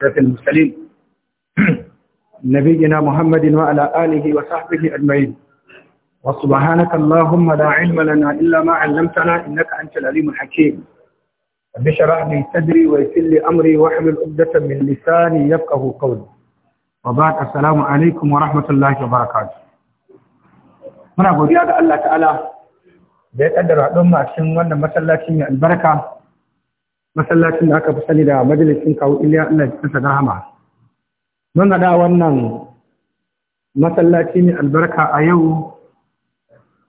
أشرف المرسلين نبينا محمد وعلى آله وصحبه أجمعين وسبحانك اللهم لا علم لنا إلا ما علمتنا إنك أنت العليم الحكيم رب اشرح لي صدري ويسر لي أمري واحلل عقدة من لساني يفقهوا قولي وبعد السلام عليكم ورحمة الله وبركاته muna godiya ga Allah ta'ala da ya kaddara don ma cikin wannan masallaci mai albarka masallacin da aka fi sani da majalisin kawo iliya Allah ya kasa hama. mun haɗa wannan masallaci ne albarka a yau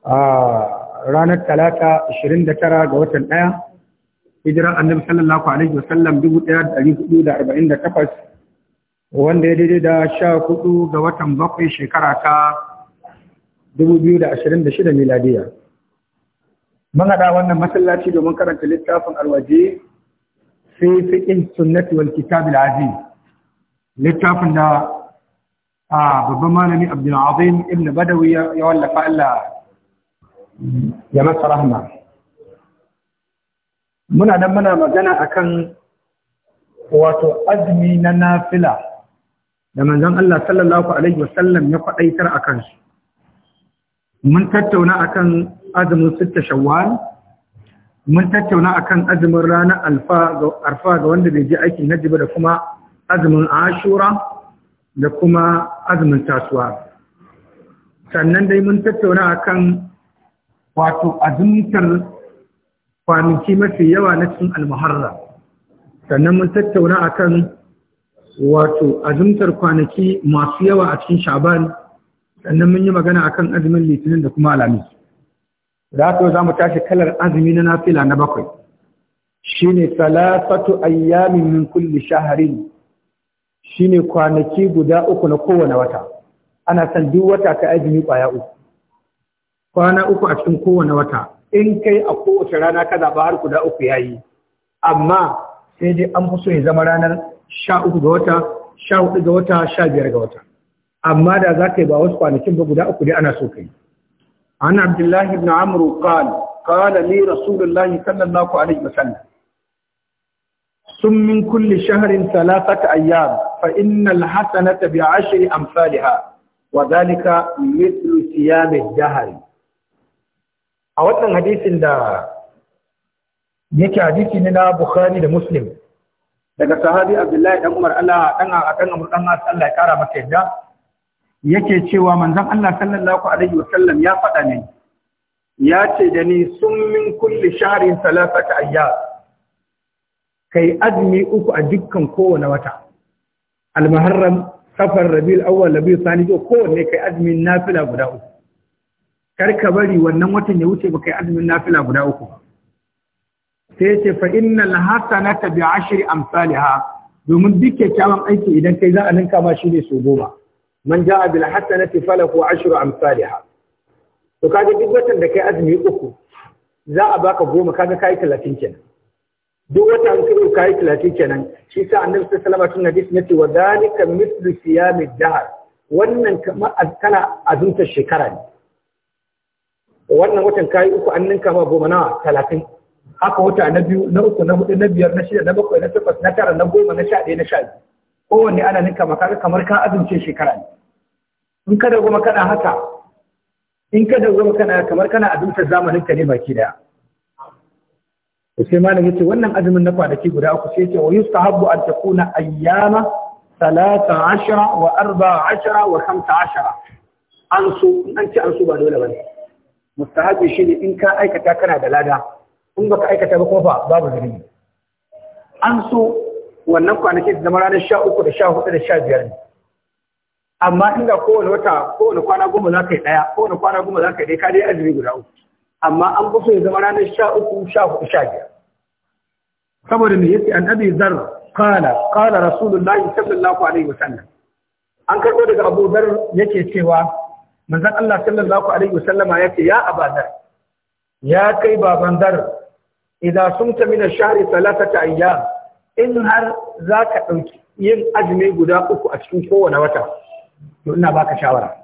a ranar talata 29 ga watan ɗaya hijiran annabi sallallahu alaihi wasallam 1448 wanda ya daidai da 14 ga watan bakwai shekara ta 2026 miladiya mun haɗa wannan masallaci domin karanta littafin alwaje fi fiqh sunnati wal kitab al azim littafin da a babban malami Abdul Azim ibn Badawi ya wallafa Allah ya masa rahma muna nan muna magana akan wato azumi na nafila da manzon Allah sallallahu alaihi wasallam ya faɗaitar akan shi mun tattauna akan azumin sitta shawwal mun tattauna akan azumin ranar alfa ga wanda bai je aikin hajji ba da kuma azumin ashura da kuma azumin tasuwa sannan dai mun tattauna akan wato azumtar kwanaki mafi yawa na cikin almuharra sannan mun tattauna akan wato azumtar kwanaki masu yawa a cikin shaban sannan mun yi magana akan azumin litinin da kuma alamis da haka za mu tashi kalar azumi na nafila na bakwai Shi ne salafatu ayyamin min kulli Shi ne kwanaki guda uku na kowane wata ana san duk wata ka azumi kwaya uku kwana uku a cikin kowane wata in kai a kowace rana ka zaba har guda uku ya yi, amma sai dai an fi so ya zama ranar sha uku ga wata sha hudu ga wata sha biyar ga wata amma da za ka yi ba wasu kwanakin ba guda uku dai ana so ka yi عن عبد الله بن عمرو قال قال لي رسول الله صلى الله عليه وسلم سم من كل شهر ثلاثة أيام فإن الحسنة بعشر أمثالها وذلك مثل صيام الدهر a wannan hadisin da yake hadisi ne na Bukhari da Muslim daga sahabi Abdullahi dan Umar Allah dan akan Amr dan Allah ya kara masa yadda yake cewa manzon Allah sallallahu alaihi wasallam ya faɗa ne ya ce da ni sun min kulli shahrin salasata ayyam kai azumi uku a dukkan kowane wata al-muharram safar rabiul awwal rabiul ko kowanne kai azumin nafila guda uku kar ka bari wannan watan ya wuce ba kai azumin nafila guda uku sai ce fa ta biya bi ashri amsalha domin duk kyakkyawan aiki idan kai za a ninka ma shi ne so goma man ja'a bil hasanati falahu ashru amsalha to kaga duk watan da kai azumi uku za a baka goma kaga kai 30 kenan duk watan an kai kai 30 kenan shi sa annabi sallallahu alaihi wasallam hadisi yace wa dalika mithlu siyamid dahr wannan kama kana azumta shekara ne wannan watan kai uku an ninka ma goma na 30 haka wata na biyu na uku na hudu na biyar na shida na bakwai na takwas na tara na goma na sha ɗaya na sha biyu kowanne ana ninka ba kaga kamar ka azumce shekara ne in ka dawwama kana haka in ka dawwama kana kamar kana azumtar zamanin ka ne baki daya to sai malam yace wannan azumin na kwanaki guda uku sai yace wa yustahabbu an takuna ayyama 13 wa 14 wa 15 an su an ci an su ba dole bane mustahabi shine in ka aikata kana da lada in baka aikata ba kuma babu zunubi an su. wannan kwanakin zama ranar sha uku da sha hudu da sha biyar ne amma inda kowane wata kowane kwana goma za ka yi ɗaya kowane kwana goma za ka yi ɗaya ka dai azumi guda uku amma an fi so ya zama ranar sha uku sha hudu sha biyar saboda me yace an abi zar kala kala rasulullahi sallallahu alaihi wasallam an karɓo daga abu zar yake cewa manzon Allah sallallahu alaihi wasallama sallama ya abazar ya kai baban zar idan sumta min ash talata ta ayyam in har za ka ɗauki yin azumi guda uku a cikin kowane wata to ina baka shawara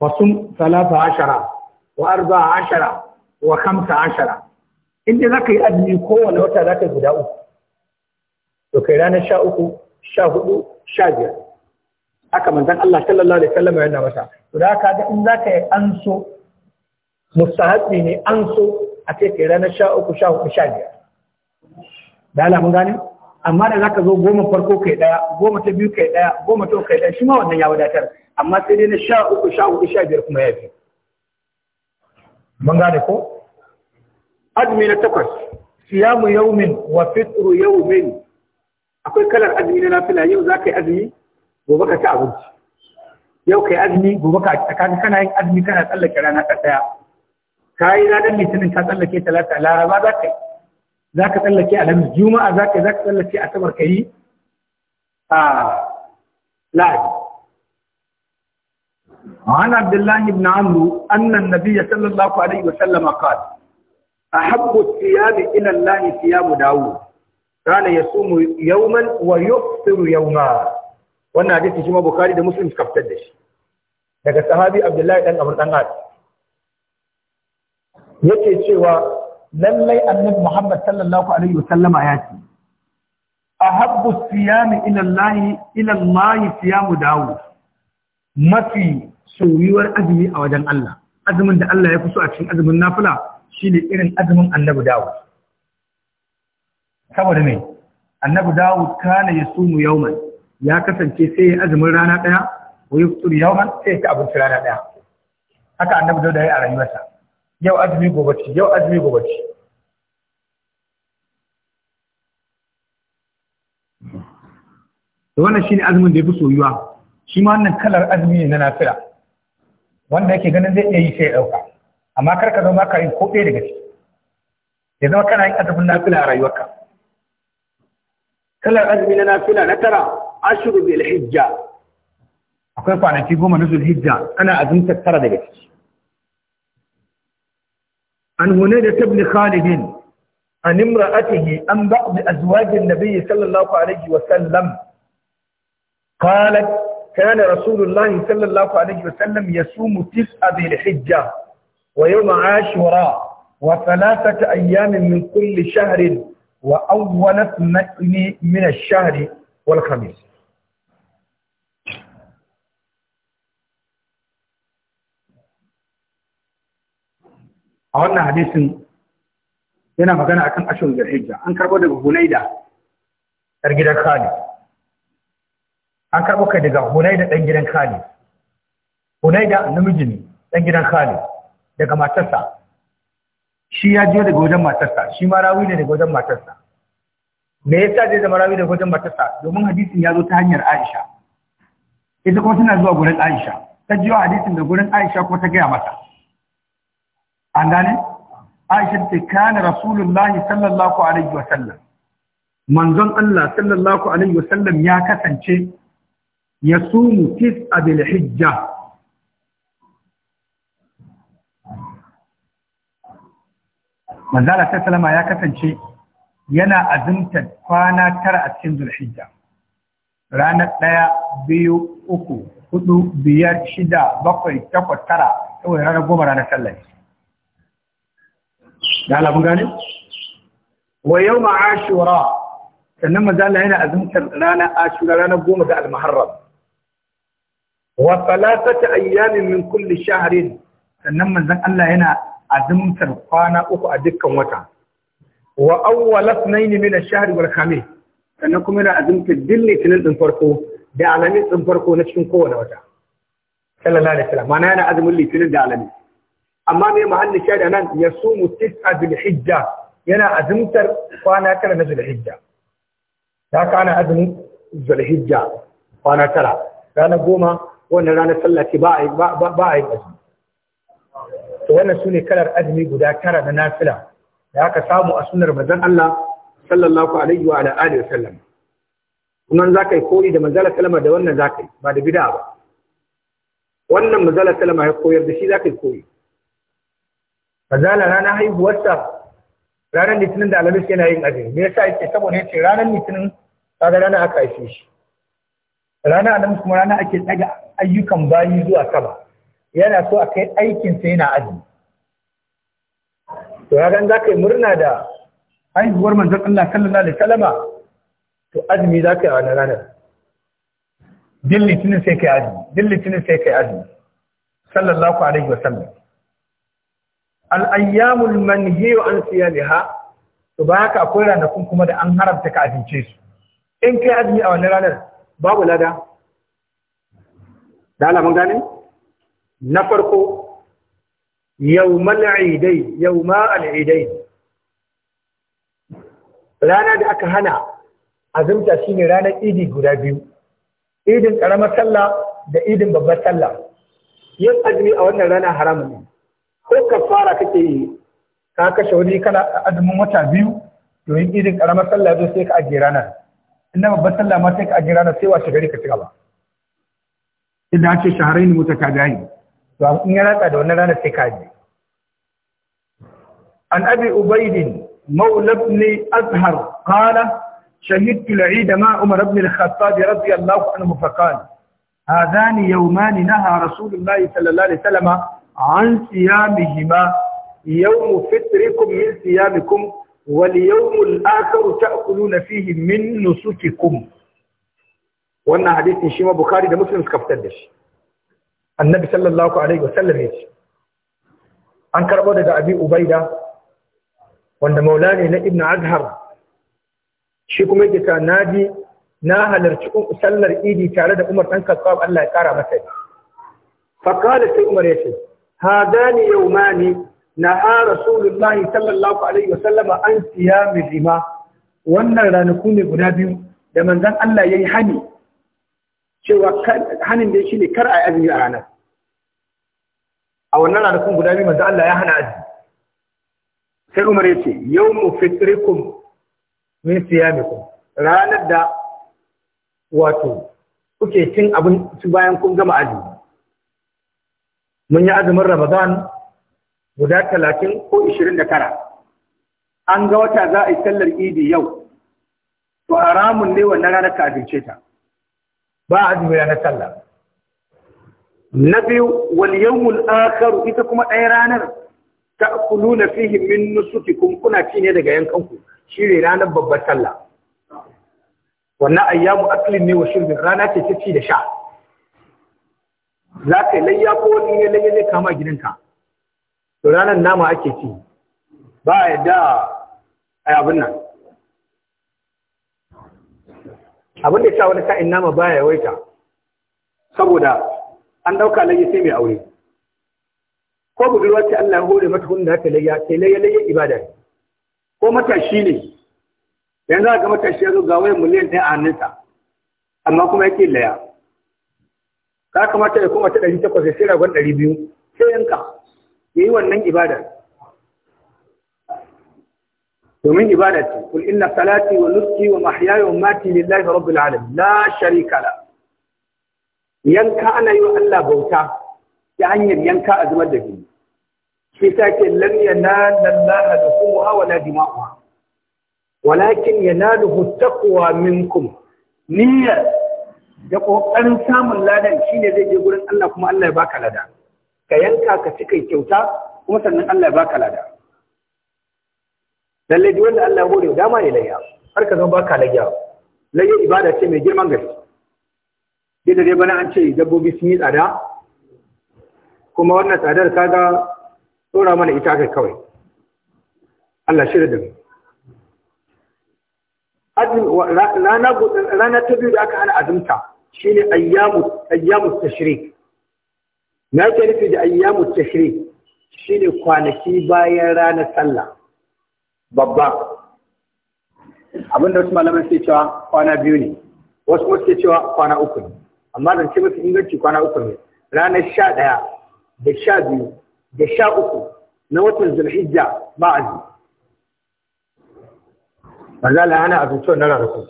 fasum salasa ashara wa arba ashara wa kamsa ashara in za ka yi azumi kowane wata za ka guda uku to kai ranar sha uku sha hudu sha biyar haka manzan Allah sallallahu alaihi wasallam yana masa to da ka ga in za ka yi an so mustahabi ne an so a kai kai ranar sha uku sha hudu sha biyar da alamun mun gane amma da zaka zo goma farko kai daya goma ta biyu kai daya goma ta kai daya shi ma wannan ya wadatar amma sai dai na sha uku sha uku sha biyar kuma ya fi mun gane ko azumi na takwas siyamu yaumin wa fitru yaumin akwai kalar azumi na nafila yau za ka yi azumi gobe ka ci abinci yau ka yi azumi gobe ka tsakanin kana yin azumi kana tsallake rana ta daya ka yi ranar litinin ka tsallake talata laraba za ka yi za ka tsallake a alhamis juma'a za ka tsallake asabar ka yi a la'adi وعن عبد الله بن عمرو أن النبي صلى الله عليه وسلم قال أحب الثياب إلى الله ثياب داود كان يصوم يوما ويفطر يوما وانا حديث شما بخاري ده مسلم كفتر shi. daga sahabi Abdullahi ɗan Amr yake cewa lallai annabi Muhammad sallallahu alaihi wasallama ya ce ahabbu siyami ila Allah ila Allah siyamu mafi soyuwar azumi a wajen Allah azumin da Allah ya fi so a cikin azumin nafila shine irin azumin annabi Dawud saboda me annabi Dawud kana yasumu yawman ya kasance sai ya azumin rana daya wa yaftur yawman sai ya ci abinci rana daya haka annabi Dawud ya yi a rayuwarsa yau azumi gobe ci yau azumi gobe ci da wannan shine azumin da ya fi soyuwa shi ma wannan kalar azumi ne na nafila wanda yake ganin zai iya yi sai ya ɗauka amma kar ka zama ka yi ko ɗaya daga ciki ya zama kana yin azumin nafila a rayuwarka kalar azumi na nafila na tara ashiru bil hijja akwai kwanaki goma na zulhijja ana azumin tara daga ciki عن هنيدة بن خالد عن امرأته عن بعض أزواج النبي صلى الله عليه وسلم قالت كان رسول الله صلى الله عليه وسلم يصوم تسعة ذي الحجة ويوم عاشوراء وثلاثة أيام من كل شهر وأول اثنين من الشهر والخميس a wannan hadisin yana magana akan ashirin hijja. an karbo daga da ɗan gidan kali an karɓo kai daga da ɗan gidan kali Hulai namiji ne ɗan gidan kali daga matarsa shi ya je daga wajen matarsa shi ma rawi ne daga wajen matarsa me yasa zai zama rawi daga wajen matarsa domin hadisin ya zo ta hanyar aisha ita kuma tana zuwa gurin aisha ta jiwa hadisin da gurin aisha ko ta gaya mata an gane aisha ta kana rasulullahi sallallahu alaihi wasallam manzon Allah sallallahu alaihi wasallam ya kasance ya sumu tis'a bil hijja manzala ta salama ya kasance yana azinta kwana tara a cikin zulhijja ranar ɗaya biyu uku hudu biyar shida bakwai takwas tara saboda ranar goma ranar sallar. قال ابو غالب ويوم عاشوراء انما زال هنا اذنكر لنا عاشوراء لنا قوم بعد المحرم وثلاثه ايام من كل شهر انما زال الله هنا اذنكر قانا اكو ادكن وتا واول اثنين من الشهر والخميس كانكم هنا اذنكر دلي تنين دن فرقو دعلمي دن فرقو نشكن كو وتا صلى الله عليه وسلم معناها انا اذن لي تنين دعلمي amma mai mahallin da nan ya sumu tis'a bil Zulhijja? yana azumtar kwana tara na zulhijja ta ana azumin zulhijja kwana tara ranar goma wannan ranar sallah ce ba a yi azumi to wannan su ne kalar azumi guda tara na nafila da aka samu a sunar manzon Allah sallallahu alaihi wa alihi wa sallam kuma za ka yi koyi da manzala kalama da wannan za ka yi ba da bida ba wannan manzala kalama ya koyar da shi za ka yi koyi fazala ranar haihuwarsa ranar litinin da alamis yana yin azumi me yasa yake saboda yace ranar litinin kaga rana aka haife shi ranar alamis kuma rana ake daga ayyukan bayi zuwa sama yana so a kai aikin sa yana azumi to ya gan zaka yi murna da haihuwar manzon Allah sallallahu alaihi wasallama to azumi zaka yi a wannan ranar din litinin sai kai azumi din litinin sai kai azumi sallallahu alaihi wasallam al’ayyamun manhiyu an siya liha, to ba haka akwai ranakun kuma da an haramta ka abince su in kai azumi a wannan ranar babu lada da alamun gani? na farko yau idai yawma al idai rana da aka hana azumta shine ranar idi guda biyu idin ƙaramar sallah da idin babbar sallah yin azumi a wannan rana haramun ne ko kafara kake yi ka kashe wani kana azumin wata biyu to yin irin karamar sallah zo sai ka ajiye ranar inda babbar sallah ma sai ka ajiye ranar sai washe gari ka ci gaba idan ce shaharai ne mutu gani to in ya ratsa da wannan ranar sai ka ajiye an abi ubaidin مولى ابن أزهر قال شهدت العيد مع عمر بن الخطاب رضي الله عنه فقال هذان يومان نهى رسول الله صلى الله عليه وسلم an siyamihima yawmu fitrikum min siyamikum wal yawmul akhar ta'kuluna fihi min nusukikum wannan hadisin shi ma bukhari da muslim suka fitar da shi annabi sallallahu alaihi wasallam ya ce an karbo daga abi ubaida wanda maula ne na ibnu Azhar. shi kuma yake ta ji na halarci sallar idi tare da umar dan khattab Allah ya kara masa fa qala sai umar ya ce هذان يومان نهى رسول الله صلى الله عليه وسلم عن صيامهما wannan ranaku ne guda biyu da manzan Allah ya yi hani cewa hanin da shi ne kar a yi azumi a ranar a wannan ranakun guda biyu manzan Allah ya hana azumi sai Umar ya ce yau mu fitrikum min siyamikum ranar da wato kuke cin su bayan kun gama azumi mun yi azumin ramadan guda talatin ko ishirin da tara an ga wata za a yi sallar idi yau to haramun ne wannan ranar ka abince ta ba azumin ranar sallah na biyu wal yawmul akharu ita kuma ɗaya ranar ta'kuluna fihi min nusukikum kuna ci ne daga yankanku ku? ne ranar babbar sallah wannan ayyamu aklin ne wa shirbin rana ce ta ci da sha za ka yi layya ko wani ne layya zai kama gidanka to ranar nama ake ci ba a yadda a yi abin nan abin da ya wani sa'in nama ba ya yawaita saboda an ɗauka layya sai mai aure ko budurwa ce Allah ya hore mata da ta layya sai layya layya ibada ko matashi ne yanzu haka matashi ya zo ga wayan miliyan ɗaya a hannunsa amma kuma yake laya ka kamata ya koma ta ɗari takwas ya sai ragon ɗari biyu sai yanka ya yi wannan ibada. domin ibada ce kul inna salati wa nuski wa mahyaya wa mati lillahi rabbil alamin la sharika la yanka ana yi wa Allah bauta ta hanyar yanka a zubar da jini shi ta ke lam yanala Allah dukuha wa la dima'uha walakin yanaluhu taqwa minkum niyyar da ƙoƙarin samun ladan shine zai je gurin Allah kuma Allah ya baka lada ka yanka ka ci kai kyauta kuma sannan Allah ya baka lada lalle duk wanda Allah ya hore dama ne layya har ka zama baka layya layya ibada ce mai girman gaske duk da dai bana an ce dabbobi sun yi tsada kuma wannan tsadar kaga tsora mana ita kai kawai Allah shirya da mu rana ta biyu da aka hana azumta shi ne Ayyamus tashrik na ke nufi da Ayyamus tashrik shine kwanaki bayan ranar sallah babba abinda wasu malamai suke cewa kwana biyu ne wasu kuma suke cewa kwana uku ne amma da ce mafi inganci kwana uku ne ranar sha ɗaya da sha biyu da sha uku na watan zulhijja ba azumi. Manzala hana abincin na rarrafa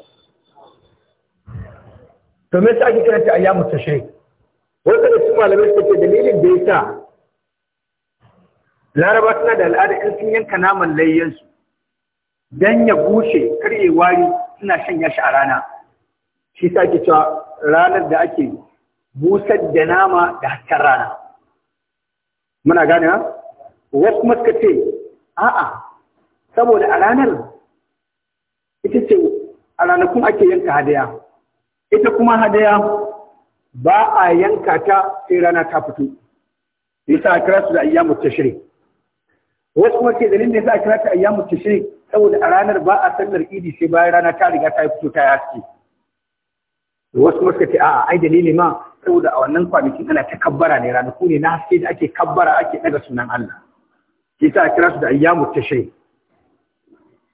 to me sai ake kiranta ayyamu tashrik wanda da cikin malamai suka ce dalilin da yasa laraba suna da al'ada in sun yanka naman layyansu dan ya bushe kar ya wari suna shanya shi a rana shi sa ke cewa ranar da ake busar da nama da hasken rana muna gane ha wasu kuma suka ce a'a saboda a ranar ita ce a ranakun ake yanka hadaya ita kuma hadaya ba a yanka ta sai rana ta fito yasa a kira su da ayyamu tashri wasu kuma ke dalilin da yasa a kira ta ayyamu tashri saboda a ranar ba a sallar idi sai bayan rana ta riga ta fito ta yaki wasu kuma suka ce a'a ai dalili ma saboda a wannan kwamitin ana ta kabbara ne ranaku ne na haske da ake kabbara ake daga sunan Allah yasa a kira su da ayyamu tashri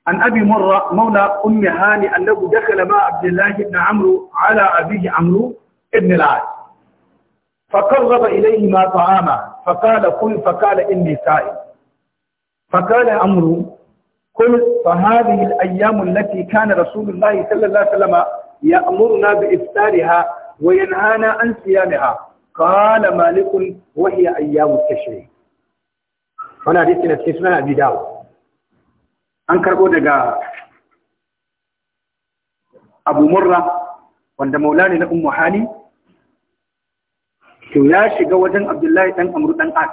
عن أبي مرة مولى أم هاني أنه دخل مع عبد الله بن عمرو على أبيه عمرو بن العاص فقرب إليهما طعاما فقال قل فقال إني سائل فقال عمرو قل فهذه الأيام التي كان رسول الله صلى الله عليه وسلم يأمرنا بإفطارها وينهانا عن صيامها قال مالك وهي أيام التشريق هنا حديث نفسي سنة أبي داود an karɓo daga abu murra wanda maula ne na umu hali to ya shiga wajen abdullahi ɗan amur ɗan as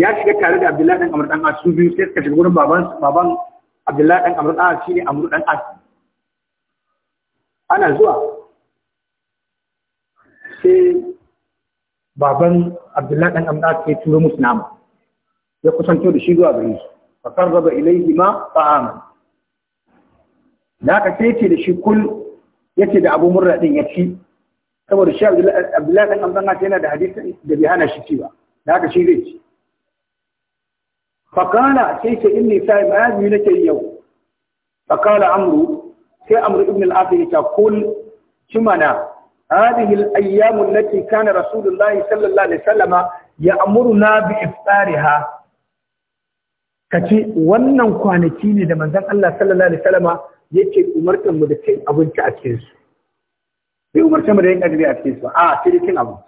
ya shiga tare da abdullahi ɗan amur ɗan as su biyu sai suka shiga wurin baban abdullahi ɗan amur ɗan as ne amru ɗan as ana zuwa sai baban abdullahi ɗan amur ɗan as ya turo musu nama ya kusanto da shi zuwa gare shi fa qarraba ilayhi ma ta'am da ka sai ce da shi kul yace da Abu Murra din ya ci saboda shi Abdullahi dan Amdan yana da hadisi da bai hana shi ci ba da ka shi zai ci فقال سيس إني سائم هذه لك اليوم فقال عمرو سي عمرو ابن العاص يقول شمنا هذه الأيام التي كان رسول الله صلى الله عليه وسلم يأمرنا بإفطارها ka ce wannan kwanaki ne da manzan Allah sallallahu alaihi wasallama yake umarta mu da cin abinci a cikin su bai umarta mu da yin ajiye a cikin su a sai cin abinci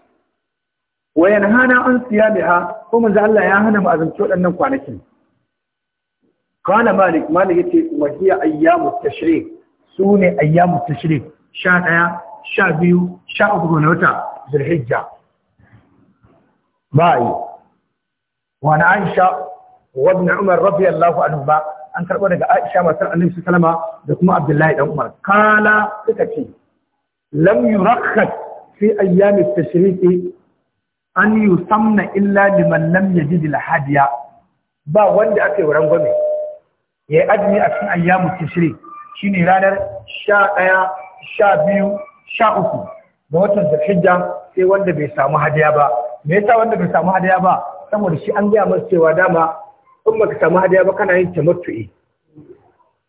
wa yanhana an ha, ko manzan Allah ya hana mu azumci waɗannan kwanakin Malik Malik قال مالك مالك يتي وهي أيام التشريق sha ɗaya, sha biyu, sha uku بيو شاء أبغن وتا ذي Ba yi. Wani Aisha? wa ibn Umar radiyallahu anhu ba an karɓo daga Aisha matar Annabi sallama da kuma Abdullahi dan Umar kala suka ce lam yurakhas fi ayyam at-tashriqi an yusamna illa liman lam yajid al-hadiya ba wanda aka yi rangwame ya yi azumi a cikin ayyamu tashri shine ranar ɗaya, sha 12 13 ga watan Zulhijja sai wanda bai samu hadiya ba me yasa wanda bai samu hadiya ba saboda shi an gaya masu cewa dama in ka samu hadiya ba kana yin tamattu'i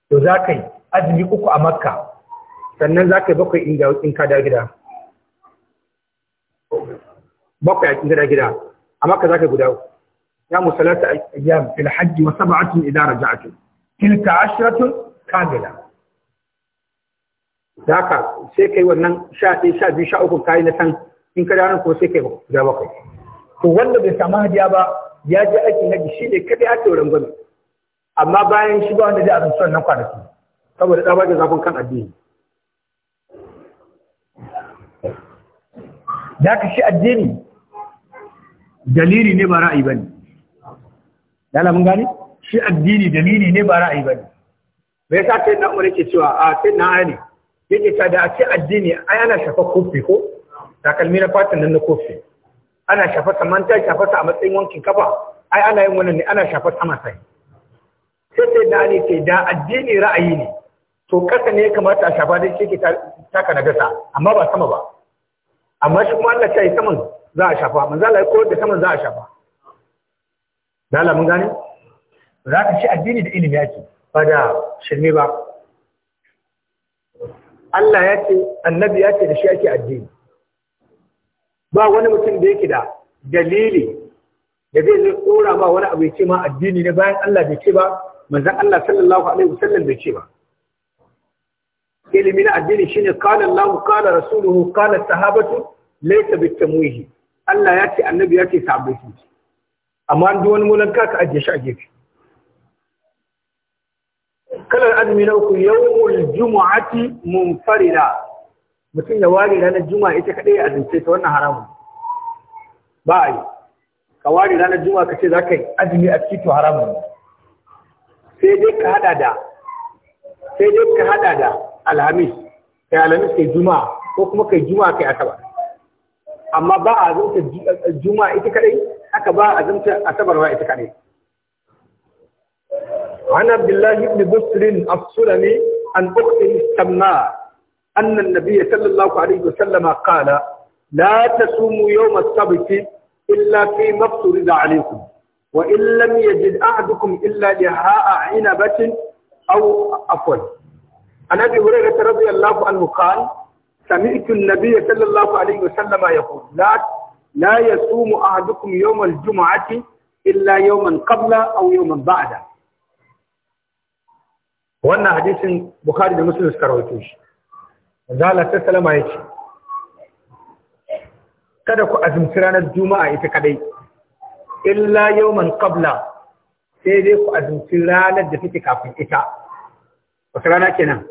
to za ka yi azumi uku a makka sannan za ka yi bakwai in ka da gida bakwai in ka gida a makka za ka guda ya musalata ayyam fil hajji wa sab'atun idza raja'tu tilka ashratun kamila zaka sai kai wannan sha ɗaya sha biyu sha uku kayi na san in ka da ranar ko sai kai guda bakwai to wanda bai samu hadiya ba ya je aiki na shi ne kadai a wurin gwamnati amma bayan shi ba wanda zai azumci wannan kwanaki saboda ɗan da zafin kan addini da ka shi addini dalili ne ba ra'ayi ba ne yana mun gani shi addini dalili ne ba ra'ayi ba ne bai sa kai na umar yake cewa a kai na ayani yake ta da a ce addini ai ana shafa kofi ko takalmi na fatan nan na kofi ana shafa saman ta shafa sa a matsayin wankin kafa ai ana yin wannan ne ana shafa sama sai sai sai da ne sai da addini ra'ayi ne to kasa ne ya kamata a shafa da shi ke taka nagasa amma ba sama ba amma shi kuma Allah sai yi saman za a shafa manzo Allah ya koyar da saman za a shafa lala mun gane za ka ci addini da ilimi yake ba da shirme ba Allah ya ce annabi ya ce da shi ake addini ba wani mutum da yake da dalili da zai zai tsora ba wani abu ya ce ma addini na bayan Allah bai ce ba manzan Allah sallallahu alaihi wasallam bai ce ba ilimi na addini shine qala Allah qala rasuluhu qala sahabatu laysa bitamwihi Allah ya ce annabi ya ce sahabbai ce amma duk wani mulan ka ka ajiye shi a gefe kalar azumi na uku yawmul jumu'ati munfarida mutum ya ware ranar juma'a ita kaɗai a zance ta wannan haramun ba a yi ka ware ranar juma'a ka ce za ka yi azumi a cikin haramun sai dai ka hada da sai dai ka hada da alhamis kai alhamis kai juma'a ko kuma kai juma'a kai asabar amma ba a zance juma'a ita kaɗai haka ba a zanta asabar ba ita kaɗai عن عبد الله بن بسر السلمي عن أخته السماء أن النبي صلى الله عليه وسلم قال لا تصوموا يوم السبت إلا فيما افترض عليكم وإن لم يجد أحدكم إلا لهاء عنبة أو عفوا عن أبي هريرة رضي الله عنه قال سمعت النبي صلى الله عليه وسلم يقول لا لا يصوم أحدكم يوم الجمعة إلا يوما قبل أو يوما بعد wannan hadisin Bukhari da Muslim suka rawaito shi manzo Allah salama ya ce kada ku azumci ranar juma'a ita kadai illa man kabla sai dai ku azumci ranar da take kafin ita wata rana kenan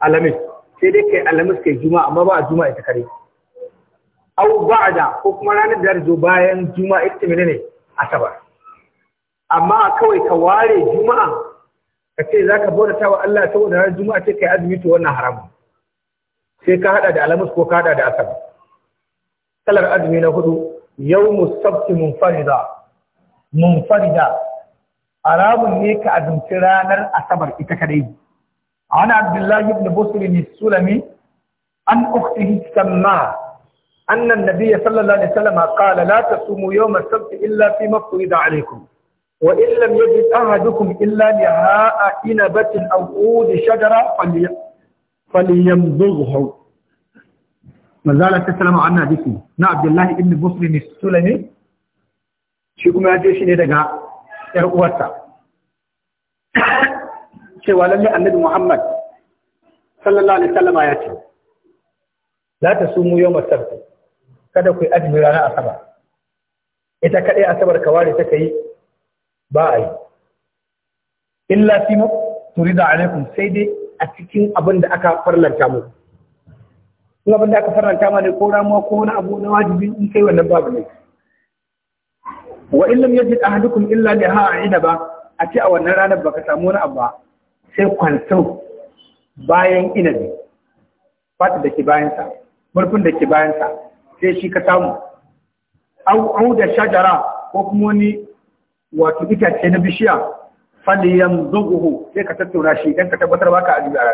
alamis sai dai kai alamis kai juma'a amma ba a juma'a ita kadai au da, ko kuma ranar da zo bayan juma'a ita ne asabar amma kawai ka ware juma'a ka ce zaka bauta wa Allah saboda ranar juma'a ce kai azumi to wannan haramun sai ka hada da alamus ko ka hada da asabar kalar azumi na hudu yawmu sabti munfarida munfarida arabun ne ka azumci ranar asabar ita kadai an abdullahi ibn busri ne sulami an ukhtihi samma أن النبي صلى الله عليه وسلم قال لا تصوموا يوم السبت إلا فيما افترض عليكم وإن لم يجد أحدكم إلا نهاء إنبة أو عود شجرة falyanzurhu manzala ta salama an hadisi na abdullahi ibn muslim sulami shi kuma ya je shi ne daga yar uwarsa cewa lalle annabi muhammad sallallahu alaihi wasallama ya ce la tasumu yawma sabt kada ku azumi ranar asabar ita kadai asabar kawari ta kai ba a yi illa fi turida alaikum sai dai a cikin abin da aka farlanta mu Kuma abin da aka farlanta ma ne ko ramuwa ko wani abu na wajibi in kai wannan babu ne wa in lam yajid ahadukum illa li ha'ina ba a ce a wannan ranar baka samu wani abu ba sai kwantau bayan inabi fata da ke bayansa murfin da ke bayansa sai shi ka samu au da shajara ko kuma wani wato itace na bishiya faliyan zuguhu sai ka tattauna shi idan ka tabbatar ba ka ajiye a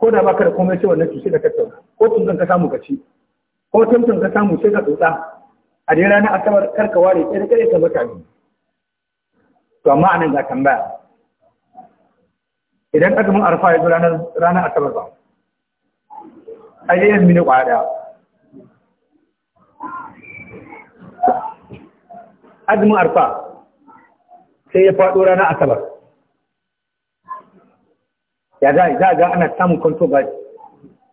ko da ba ka da komai sai wannan sai ka tattauna ko tuntun ka samu ka ci ko tuntun ka samu sai ka tsotsa a dai rana asabar kar ka ware ɗaya ɗaya ka mutane to amma anan ga tambaya idan azumin arfa ya zo ranar asabar ba ai dai yanzu ne kwaya ɗaya azumin arfa sai ya faɗo rana asabar ya za a ga ana samun kwanto ba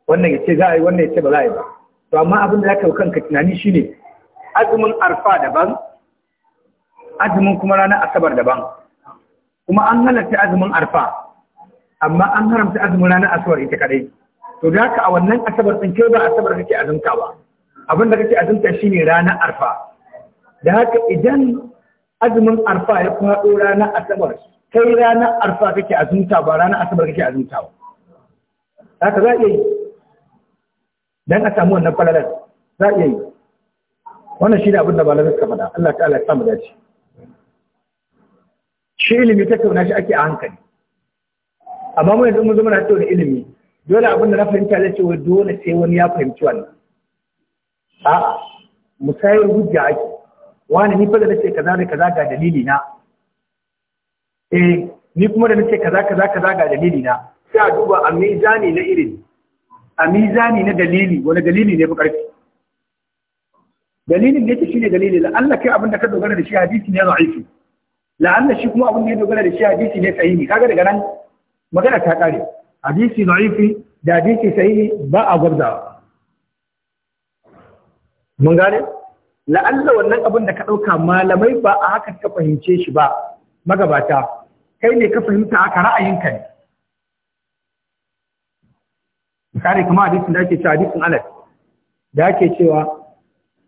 wannan ya ce za a yi wannan ya ce ba za a yi ba to amma abin da zaka kanka tunani shine azumin arfa daban azumin kuma ranar asabar daban kuma an halatta azumin arfa amma an haramta azumin ranar asabar ita kadai to da haka a wannan asabar din kai ba asabar kake azumta ba abin da kake azumta shine ranar arfa da haka idan azumin arfa ya faɗo ranar asabar kai ranar arfa kake azumta ba ranar asabar kake azumta ba ka za a iya yi dan a samu wannan falalar za a iya yi wannan shi ne abin da malamai ka faɗa Allah ta'ala ya samu dace shi ilimi ta kauna shi ake a hankali amma mu yanzu mun zama na da ilimi dole abin da na fahimta zai ce dole sai wani ya fahimci wannan a'a musayar hujja ake wani ni fa da nace kaza da kaza ga dalili na eh ni kuma da nace kaza kaza kaza ga dalili na sai a duba a mizani na irin a mizani na dalili wani dalili ne fi karfi dalilin da yake shine dalili la Allah kai abin da ka dogara da shi hadisi ne da'ifi la Allah shi kuma abin da ya dogara da shi hadisi ne sahihi kaga daga nan magana ta kare hadisi da'ifi da hadisi sahihi ba a gwabzawa mun gane la'alla wannan abin da ka ɗauka malamai ba a haka ka fahimce shi ba magabata kai ne ka fahimta haka ra'ayinka ne misali kama hadisin da ake cewa hadisin anas da ake cewa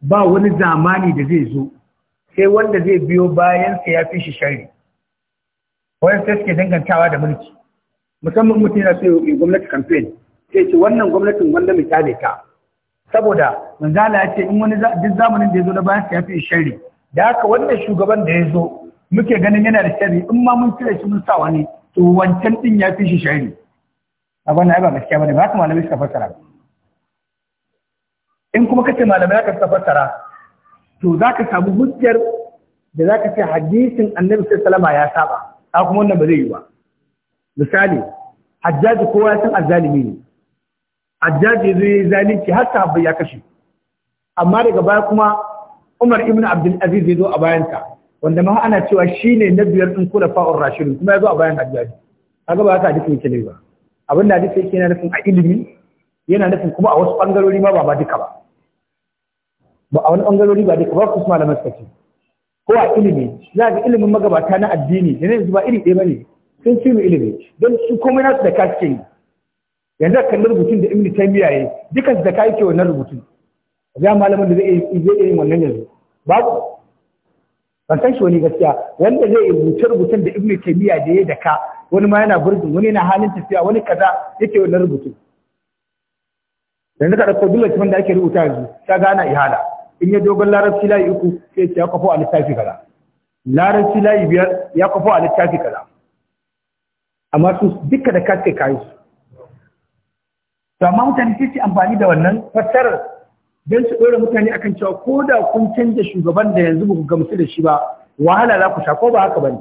ba wani zamani da zai zo sai wanda zai biyo bayan sa ya fi shi shari wayan sai suke dangantawa da mulki musamman mutum yana so ya gwamnati campaign sai ce wannan gwamnatin wanda misali ta saboda manzala ya ce in wani duk zamanin da ya zo na bayan ya fi shari da haka wannan shugaban da ya zo muke ganin yana da shari in ma mun cire shi mun sa wani to wancan din ya fi shi shari a wannan ai ba gaskiya bane ba haka malamai suka fassara in kuma kace malamai aka suka fassara to zaka samu hujjar da zaka ce hadisin annabi sallallahu alaihi ya saba a kuma wannan ba zai yi ba misali hajjaji kowa ya san azzalimi ne hajjaji zai zalunci har ta ya kashe amma daga baya kuma Umar ibn Abdul Aziz ya zo a bayansa wanda ma ana cewa shine na biyar din kula fa'ur rashidun kuma ya zo a bayan hajjaji kaga ba haka hadisi yake ne ba abin da hadisi yake yana nufin a ilimi yana nufin kuma a wasu bangarori ma ba ba duka ba ba a wani bangarori ba duka ba su malaman suka ce ko a ilimi za ga ilimin magabata na addini da yanzu ba iri ɗaya bane sun fi mu ilimi don su komai nasu da kaske yanzu kallon rubutun da ibnu taymiya yayi dukan da kai ke wannan rubutun ya malamin da zai zai yin wannan yanzu Ba ku ban san shi wani gaskiya wanda zai rubuta rubutun da ibnu taymiya da yayi da ka wani ma yana burgin wani yana halin tafiya wani kaza yake wannan rubutun yanzu ka dauko dukkan kiman da ake rubuta yanzu ta gana ihala in ya dogon larabci layi uku sai ya kafo a littafi kaza larabci layi biyar ya kafo a littafi kaza amma su dukka da kake kayi su to amma mutane sai su amfani da wannan fassarar don su ɗora mutane akan cewa ko da kun canza shugaban da yanzu ba ku gamsu da shi ba wahala za ku sha ko ba haka ba ne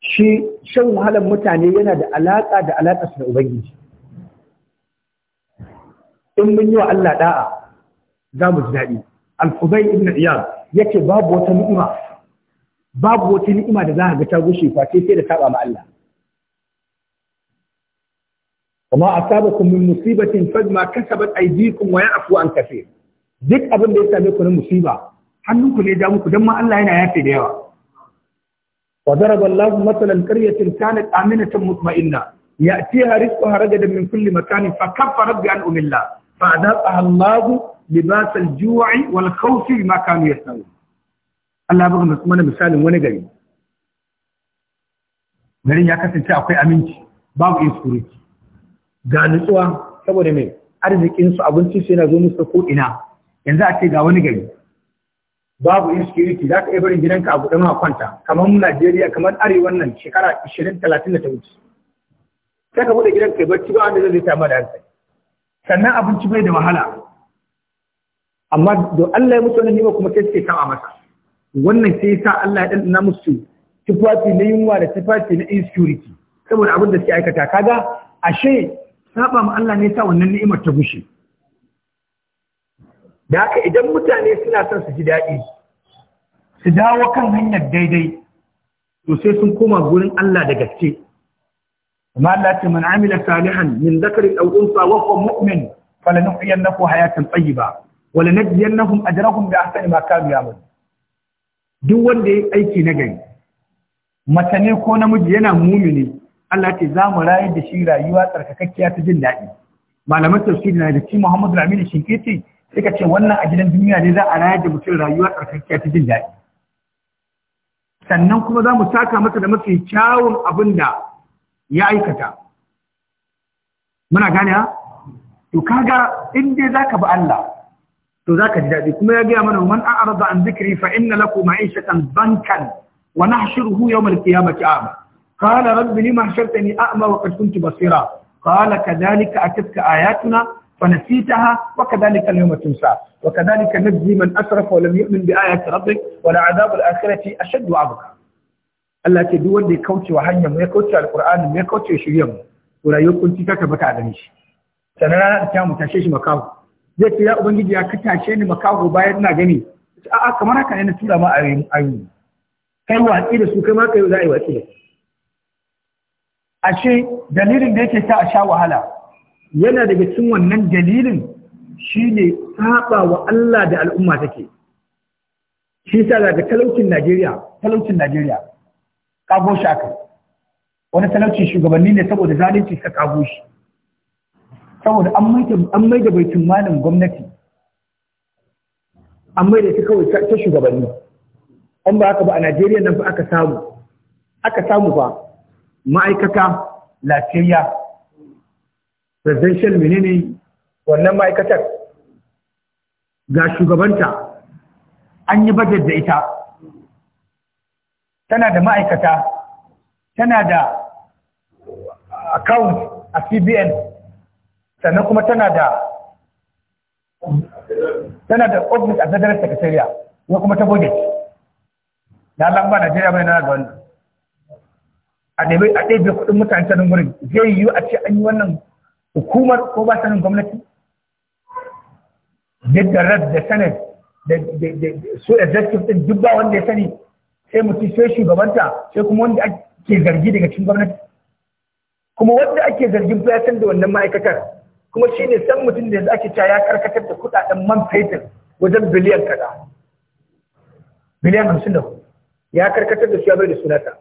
shi shan wahalar mutane yana da alaƙa da alaƙa su da ubangiji in mun yi wa Allah da'a za mu ji daɗi al qubay ibn Iyad yake babu wata ni'ima babu wata ni'ima da za ka ga ta gushe face sai da saba ma Allah kuma asabakum min musibatin fajma kasabat aydikum wa ya'fu an kaseer duk abin da ya same ku na musiba hannunku ne ja muku dan ma Allah yana yafe da yawa wa daraba Allahu matalan qaryatin kanat aminatan mutma'inna ya'tiha rizquha ragadan min kulli makanin fa kaffara bi an umilla fa adaqaha Allahu libas al-ju'i wal khawfi bima kanu yasnun Allah ba mana misalin wani gari garin ya kasance akwai aminci babu insecurity ga nutsuwa saboda mai arzikin su abinci sai yana zo musu ko ina yanzu a ce ga wani gari babu insecurity za ka iya barin gidanka a guda ma kwanta kamar Najeriya kamar arewa nan shekara 20 da ta wuce sai ka bude gidanka ya barci ba wanda zai ta mada da hankali sannan abinci bai da wahala amma do Allah ya mutu wani nima kuma sai suke kama masa wannan sai yasa Allah ya danna musu tufafi na yunwa da tufafi na insecurity saboda abin da suke aikata kaga ashe saba ma Allah ne sa wannan ni'imar ta gushe da haka idan mutane suna son su ji daɗi su dawo kan hanyar daidai to sai sun koma gurin Allah da gaske amma Allah ce man amila salihan min zakarin aw unsa wa huwa mu'min falanuhyiyannahu hayatan tayyiba wa lanajziyannahum ajrahum bi ahsani ma kanu ya'malun duk wanda yayi aiki na gari mace ne ko namiji yana mumini Allah ce za mu rayar da shi rayuwa tsarkakakkiya ta jin daɗi malaman tafsiri na da ci Muhammadu Aminu Shinkiti suka ce wannan a gidan duniya ne za a rayar da mutum rayuwa tsarkakkiya ta jin daɗi sannan kuma za mu saka masa da mafi kyawun abin da ya aikata muna gane ha to kaga in dai zaka bi Allah to ka ji daɗi kuma ya gaya mana man a'rada an zikiri fa inna lahu ma'ishatan bankan wa nahshuruhu yawm al-qiyamati a'ma قال رب لما حشرتني أعمى وقد كنت بصيرا قال كذلك أتتك آياتنا فنسيتها وكذلك اليوم تنسى وكذلك نجزي من أسرف ولم يؤمن بآيات ربك ولعذاب الآخرة أشد وأبقى Allah ce duk wanda ya kauce wa hanyar mu ya kauce alƙur'anin mu ya kauce shiryar mu to rayuwar kunci ta tabbata a shi sannan rana ta mu tashe shi makaho zai ce ya ubangiji ya ka tashe ni makaho bayan ina gani a'a kamar haka ne na tura ma a yi kai watsi da su kai ma kai za a yi watsi da su ashe dalilin da yake sa a sha wahala yana daga cikin wannan dalilin shine saba wa Allah da al'umma take shi sa daga talaucin Najeriya talaucin Najeriya kago shi aka wani talauci shugabanni ne saboda zalunci suka kago shi saboda an maida an maida malin gwamnati an maida ta kawai ta shugabanni an ba haka ba a Najeriya nan fa aka samu aka samu ba ma'aikata lafiya, presidential menene wannan ma'aikatar ga shugabanta an yi bajet da ita tana da ma'aikata tana da account a cbn sannan kuma tana da tana da office a federal secretariat ya kuma ta budget na lamba najeriya mai na ga wannan a nemi a ɗebe kuɗin mutane sanin nan wurin zai yiwu a ce an yi wannan hukumar ko ba sanin gwamnati duk da rad da sanar da su executive din duk ba wanda ya sani sai mutum sai shugabanta sai kuma wanda ake zargi daga cikin gwamnati kuma wanda ake zargin ya san da wannan ma'aikatar kuma shi ne san mutum da ake cewa ya karkatar da kuɗaɗen man fetur wajen biliyan kaza biliyan hamsin da ya karkatar da su ya bai da sunata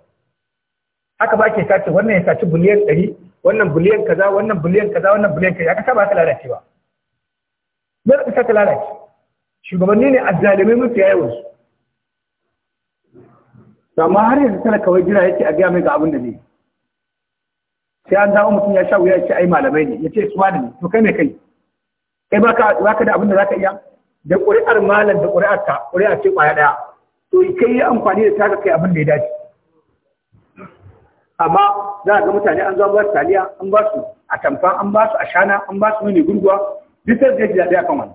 haka ba ke sace wannan ya sace biliyan ɗari wannan biliyan kaza wannan biliyan kaza wannan biliyan kaza ka ba ka lalace ba dole ka sace lalace shugabanni ne azzalimai ya yawan su to amma har yanzu tana kawai jira yake a gaya mai ga abin da ne sai an dawo mutum ya sha wuya ya ce ai malamai ne ya ce su ne to kai mai kai kai ba ka da abin da za ka iya da ƙuri'ar malam da ƙuri'ar ka ƙuri'ar ce ƙwaya ɗaya to kai yi amfani da ta kai abin da ya dace amma za a ga mutane an zo ba taliya an ba su tamfa, an ba su shana, an ba su mini gurguwa duk sai da daɗi kan wani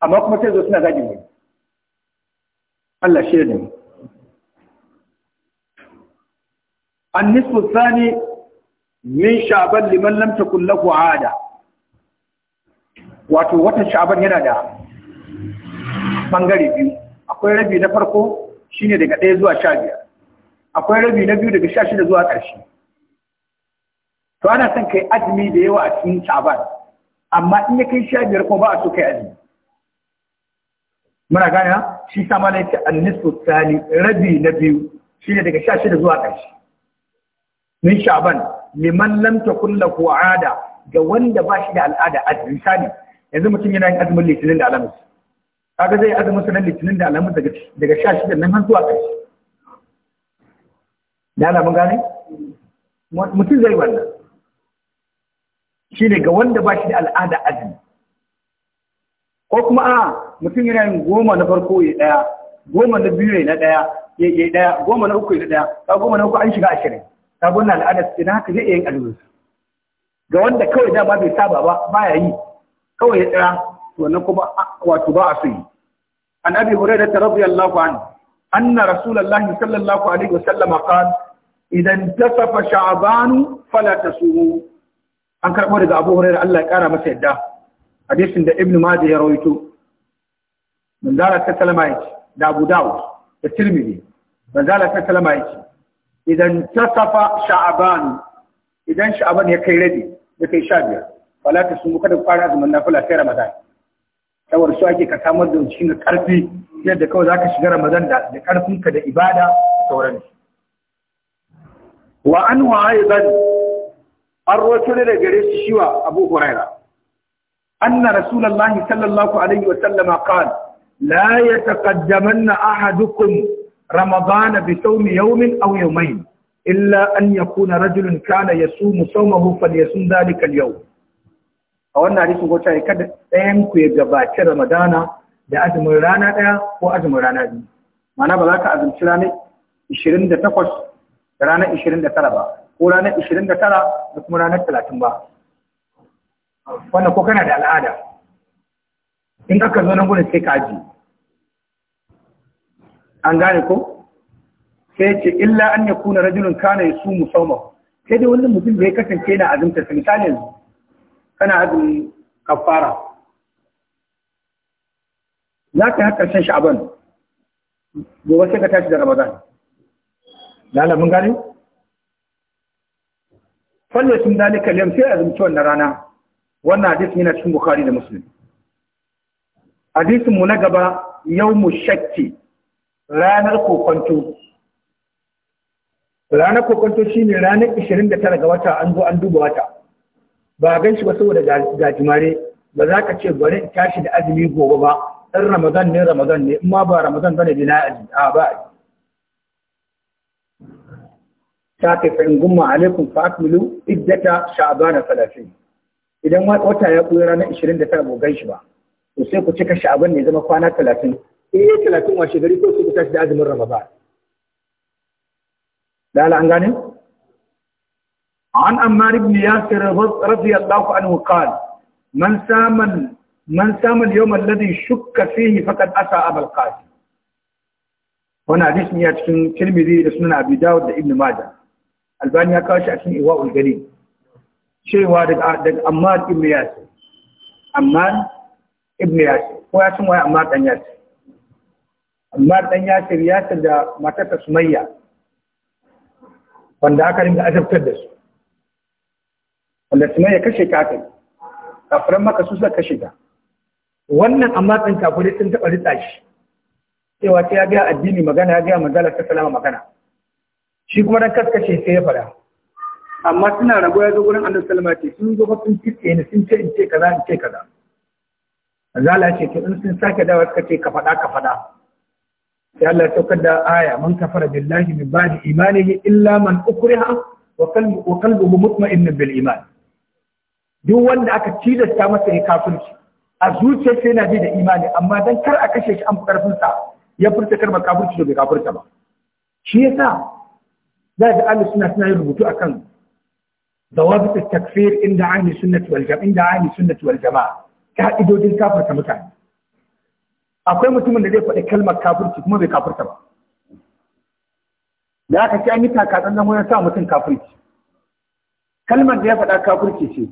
amma kuma sai zo suna zagin wani Allah shi ne. an nisfu sani min sha'ban liman lam takun lahu ada wato watan sha'ban yana da bangare biyu akwai rabi na farko shine daga ɗaya zuwa sha biyar akwai rabi na biyu daga sha shida zuwa ƙarshe to ana son kai azumi da yawa a cikin sha'ban amma in ya kai sha biyar kuma ba a so kai azumi muna gane shi sa mana yace annisu tsali rabi na biyu shi ne daga sha shida zuwa ƙarshe min sha'ban liman lamta kulla lahu ada ga wanda ba shi da al'ada a misali yanzu mutum yana yin azumin litinin da alamus. kaga zai azumin sanar litinin da alamus daga sha shida nan har zuwa ƙarshe Dana mun gane? Mutum zai wannan. Shi ne ga wanda ba shi da al'ada azumi. Ko kuma a mutum yana yin goma na farko ya ɗaya, goma na biyu ya ɗaya, ya ɗaya, goma na uku ya ɗaya, ta goma na uku an shiga ashirin. Ta gona al'ada su haka zai iya yin azumin. Ga wanda kawai dama bai saba ba, ya yi, kawai ya ɗaya, to wannan kuma wato ba a so yi. An abi Hurairah radiyallahu an anna rasulallah sallallahu alaihi sallama kan, idan ta safa sha'abanu fala suhu an karɓo daga Abu da Allah ya ƙara masa yadda hadisin da Ibn maji ya rawaito da tirmidhi التسلم ايش دا ابو داود idan ta safa sha'abanu idan sha'aban ya kai rabi ya kai sha biyar, fala ta suhu kada ku fara azumin nafila sai ramadan saboda su ake ka samar da shi na karfi yadda kawai za ka shiga ramadan da karfinka da ibada sauran shi wa an wa aidan an roto da gare shi shiwa abu huraira anna rasulullahi sallallahu alaihi wa sallama qala la yataqaddamanna ahadukum ramadana bi sawmi yawmin aw yawmayn illa an yakuna rajulun kana yasumu sawmahu falyasum dhalika al-yawm a wannan hadisin ko ta kada ɗayan ku ya gabaci ramadana da azumin rana ɗaya ko azumin rana biyu ma'ana ba za ka azumci ranar 28 da ranar 29 ba ko ranar ishirin da tara, da kuma ranar talatin ba wannan ko kana da al'ada in aka zo nan gudun sai kaji an gane ko sai ce illa an ya kuna rajulun kana ya su musamman sai dai wani mutum da ya kasance na azumta sai misali yanzu kana azumin kafara za ka yi har ƙarshen sha'aban gobe sai ka tashi da ramadan lala mun gane falle sun dani kalyam sai azumci wannan rana wannan hadisi yana cikin bukhari da muslim hadisin mu na gaba mu shakki ranar kokonto ranar kokonto shine ranar 29 ga wata an zo an duba wata ba gan shi ba saboda gajimare ba za ka ce bari tashi da azumi gobe ba dan ramadan ne ramadan ne in ma ba ramadan bane ne na azumi a ba ta fa'in gumma alaikum fa akmilu iddata sha'bana 30 idan wata ya koyi ranar 29 ba gan shi ba to sai ku cika sha'aban ne zama kwana 30 eh 30 washe gari ko sai ku tashi da azumin ramadan da ala an gane an ammar ibn yasir radiyallahu anhu qala man saman man sama al-yawm alladhi shukka fihi faqad asa abul qasim wannan hadisi ne a cikin Tirmidhi da Sunan Abi Dawud da Ibn Majah albani ya kawo shi a cikin iwa ulgari cewa daga amma ibn yasir amma ibn yasir ko ya cin waya amma dan yasir amma dan yasir ta da matarsa sumayya wanda aka rinka azabtar da su wanda sumayya kashe ka kai kafiran maka su suka kashe ta wannan amma ɗin kafirai sun taɓa ritsa shi cewa ta ya gaya addini magana ya gaya manzala ta salama magana shi kuma dan kaskace sai ya fada amma suna rago ya zo gurin annabi alaihi ce sun zo sun kitse ni sun ce in ce kaza in ce kaza azala ce to in sun sake dawa suka ce ka fada ka fada sai Allah ya saukar da aya man kafara billahi min ba'di imanihi illa man ukriha wa qalbu wa qalbuhu mutma'in bil iman duk wanda aka tilasta masa ya kafirci a sai yana ji da imani amma dan kar a kashe shi an karfin sa ya furta karba kafirci to bai kafirta ba shi yasa za ga suna suna yin rubutu akan inda ainihin عند أهل السنة والجماعة عند أهل السنة والجماعة كائدودين كافر mutane. akwai mutumin da zai faɗi kalmar kafirci kuma bai kafirta ba da aka ce an yi takatsan zama ya sa mutum kafirci kalmar da ya faɗa kafirci ce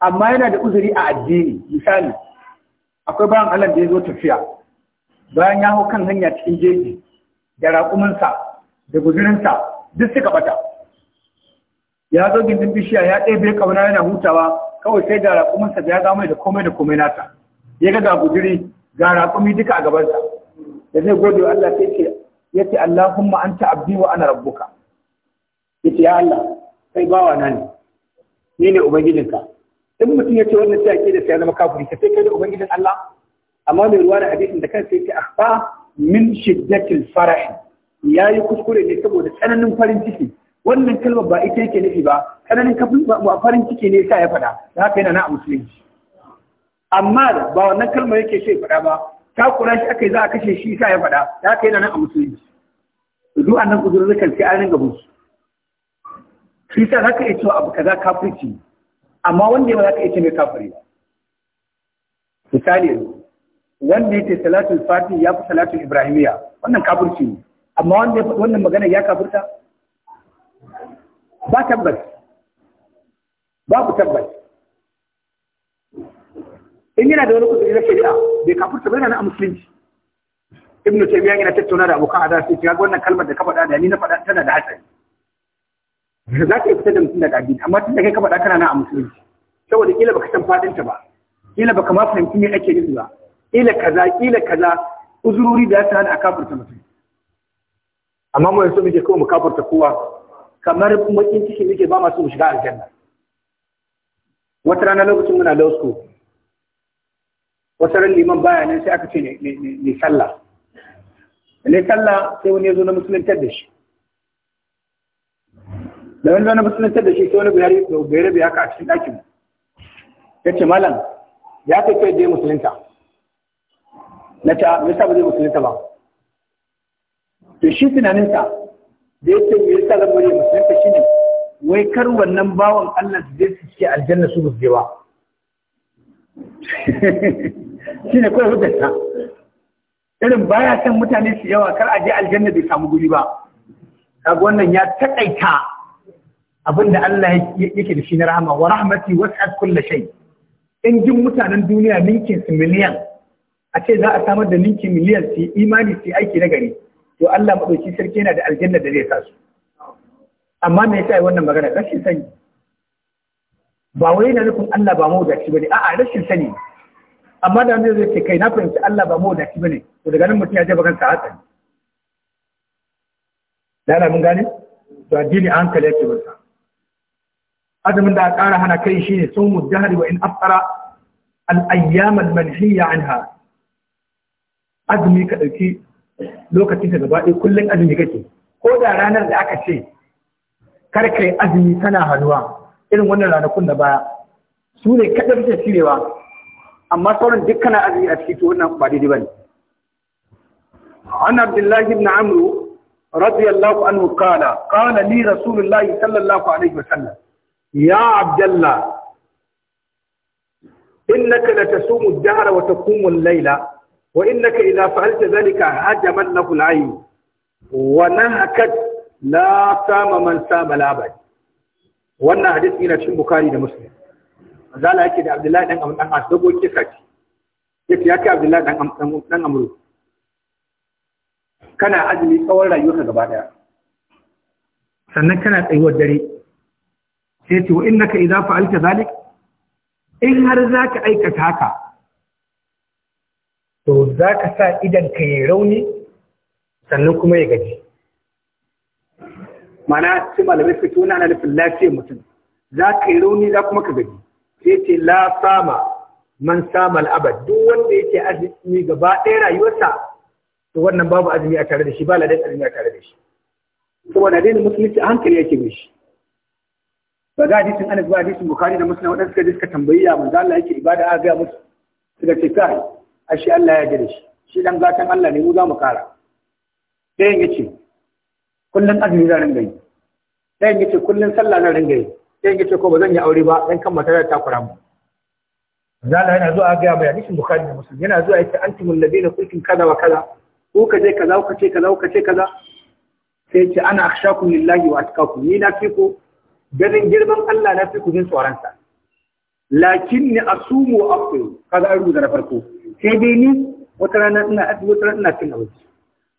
amma yana da uzuri a addini misali akwai bayan Allah da ya zo tafiya bayan ya hau kan hanya cikin jeji da raƙuminsa da guzurinsa duk suka bata ya zo gindin bishiya ya ɗebe ƙauna yana hutawa kawai sai ga raƙuminsa da ya mai da komai da komai nata ya ga ga guduri ga raƙumi duka a gabansa da zai gode wa Allah sai ce ya ce Allahumma anta abdi wa ana rabbuka ya ce ya Allah kai bawa na ne ni ne ubangijinka in mutum ya ce wannan sai ake da sai ya zama kafiri ka sai kai ne ubangijin Allah amma mai ruwa da hadisin da kansa ya ce akhfa min shiddatil Fara'in. ya yi kuskure ne saboda tsananin farin ciki wannan kalmar ba ita yake nufi ba tsananin farin ciki ne sa ya faɗa da haka yana na musulunci amma ba wannan kalmar yake shi ya faɗa ba ta kura shi aka yi za a kashe shi sa ya faɗa da haka yana na musulunci duk annan zakar sai an ringa musu shi sa zaka iya cewa abu kaza kafirci amma wanda ba zaka iya ce mai kafiri ba misali wanda yake salatul fatih ya fi salatul ibrahimiya wannan kafirci ne amma wannan magana ya kafurta ba tabbas babu tabbas in yana da wani kudin na shari'a bai kafurta ba yana na musulunci ibnu taymiya yana tattauna da abokan azar sai ga wannan kalmar da ka faɗa da ni na faɗa tana da hatsari za ka yi fita da mutum daga addini amma tun da kai ka faɗa kana na a musulunci saboda kila baka san fadinta ba kila baka ma fahimci me ake nufi ba kila kaza kila kaza uzurori da ya sa hana a kafurta mutum amma mu yanzu muke kawai mu kafarta kowa kamar makin ciki muke ba masu shiga aljanna wata rana lokacin muna law school wata ran liman baya nan sai aka ce ne sallah ne sallah sai wani ya zo na musuluntar da shi da wani zo na musuluntar da shi sai wani bayar bayar bai haka a cikin ɗakin ya ce malam ya kai kai da musulunta na ta me sa ba zai musulunta ba to shi tunaninsa da yake me yasa zan shi shine wai kar wannan bawan Allah da zai ci aljanna su buje ba ne kawai hujjarsa irin baya san mutane su yawa kar a je aljanna bai samu guri ba kaga wannan ya takaita abinda Allah yake da shi na rahama wa rahmati was'at kulli shay in jin mutanen duniya ninkin su miliyan a ce za a samar da ninkin miliyan su imani su aiki na gari to Allah madauki sarki yana da aljanna da zai sa su amma me yasa yi wannan magana rashin sani ba wai yana nufin Allah ba mawudaci bane a'a rashin sani amma da wanda zai ce kai na fahimci Allah ba mawudaci bane to daga nan mutum ya je bakan sa hatsari da mun gane to addini a hankali yake bursa azumin da ƙara hana kai shi ne sun mujahari wa in afara al'ayyaman manhiya anha azumi ka ɗauki lokacin ka gaba ɗaya kullum azumi kake ko da ranar da aka ce kar kai azumi tana hannuwa irin wannan ranakun da baya su ne kaɗai suke cirewa amma sauran duk kana azumi a ciki to wannan ba daidai bane an abdullah ibn amr رضي الله عنه قال قال لي رسول الله صلى الله عليه وسلم يا عبد الله إنك لتصوم الدهر وتقوم الليلة wa innaka idza fa'alta hajja man na al'ayn wa haka na sama man sama labari. wannan hadisi yana cikin Bukari da muslim zala yake da abdullahi dan amurka dan as dogo kisa ce yake yake abdullahi dan amr dan kana azumi tsawon rayuwarka gaba daya sannan kana tsayuwar dare sai ce wa innaka idza fa'alta zalik in har zaka aikata haka to za ka sa idan ka yi rauni sannan kuma ya gaji mana ce malamai suka tona na nufin lafiya mutum za ka yi rauni za kuma ka gaji sai ce la sama man sama al'abad duk wanda yake azumi gaba ɗaya rayuwarsa to wannan babu azumi a tare da shi ba ladan azumi a tare da shi saboda addinin musulunci a hankali yake mai shi ba za a jisun Anas ba a jisun bukari da musulunci waɗanda suka je suka tambayi ya manzo Allah yake ibada a gaya musu suka ce kai a shi Allah ya gida shi shi dan zakan Allah ne mu za mu kara sai ya ce kullum azumi zan ringa yi sai ya ce kullum sallah zan ringa yi sai ya ce ko ba zan yi aure ba dan kan mata ta kura mu zala yana zuwa ga bayani shi bukhari da muslim yana zuwa yace antumul ladina kuntum kaza wa kaza ko ka je kaza ko ce kaza ko ce kaza sai ce ana akhshakum lillahi wa atqakum ni na fi ku ganin girman Allah na fi ku jin tsoron sa lakinni asumu wa afṭir kaza an rubuta na farko sai dai ni wata rana ina azumi wata rana ina cin abinci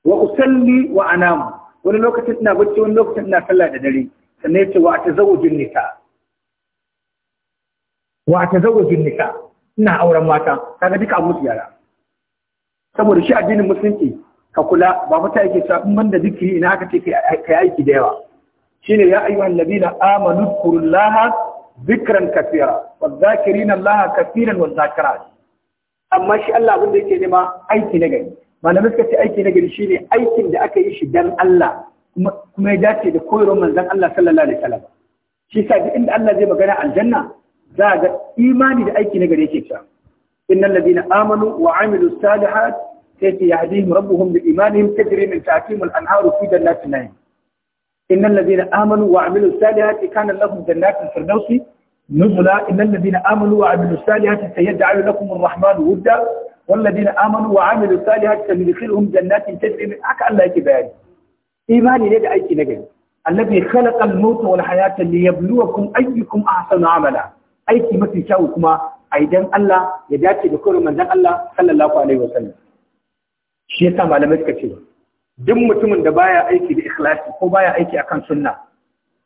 wa usalli wa anam wani lokacin ina bacci wani lokacin ina sallah da dare sannan yace wa atazawujun nisa wa atazawujun nisa ina auren mata kaga duka abu yara saboda shi addinin musulunci ka kula ba mata yake cewa in banda zikiri ina aka ce kai aiki da yawa shine ya ayyuhan ladina amanu zkurullaha wa كثيرا allaha الله wa والذاكرات amma shi Allah abin da yake nema aiki na gari malamai suka ce aiki na gari shine aikin da aka yi shi dan Allah kuma ya dace da koyarwar manzon Allah sallallahu alaihi wasallam shi sa duk inda Allah zai magana aljanna za ga imani da aiki na gari yake cewa innal ladina amanu wa amilu salihat sayati yahdihim rabbuhum bi imanihim tajri min tahtihim al anharu fi jannatin na'im innal ladina amanu wa amilu salihati kana lahum jannatin firdausi نزلا إلا الذين آمنوا وعملوا الصالحات سيجعل لكم الرحمن ودا والذين آمنوا وعملوا الصالحات سندخلهم جنات تجري من حكى الله كباري إيماني لدى أي شيء الذي خلق الموت والحياة ليبلوكم أيكم أحسن عملا أي شيء ما تشاوكما أيضا الله يداتي بكل من ذن الله صلى الله عليه وسلم shi yasa malamai suka ce duk mutumin da baya aiki da ikhlasi ko baya aiki akan sunna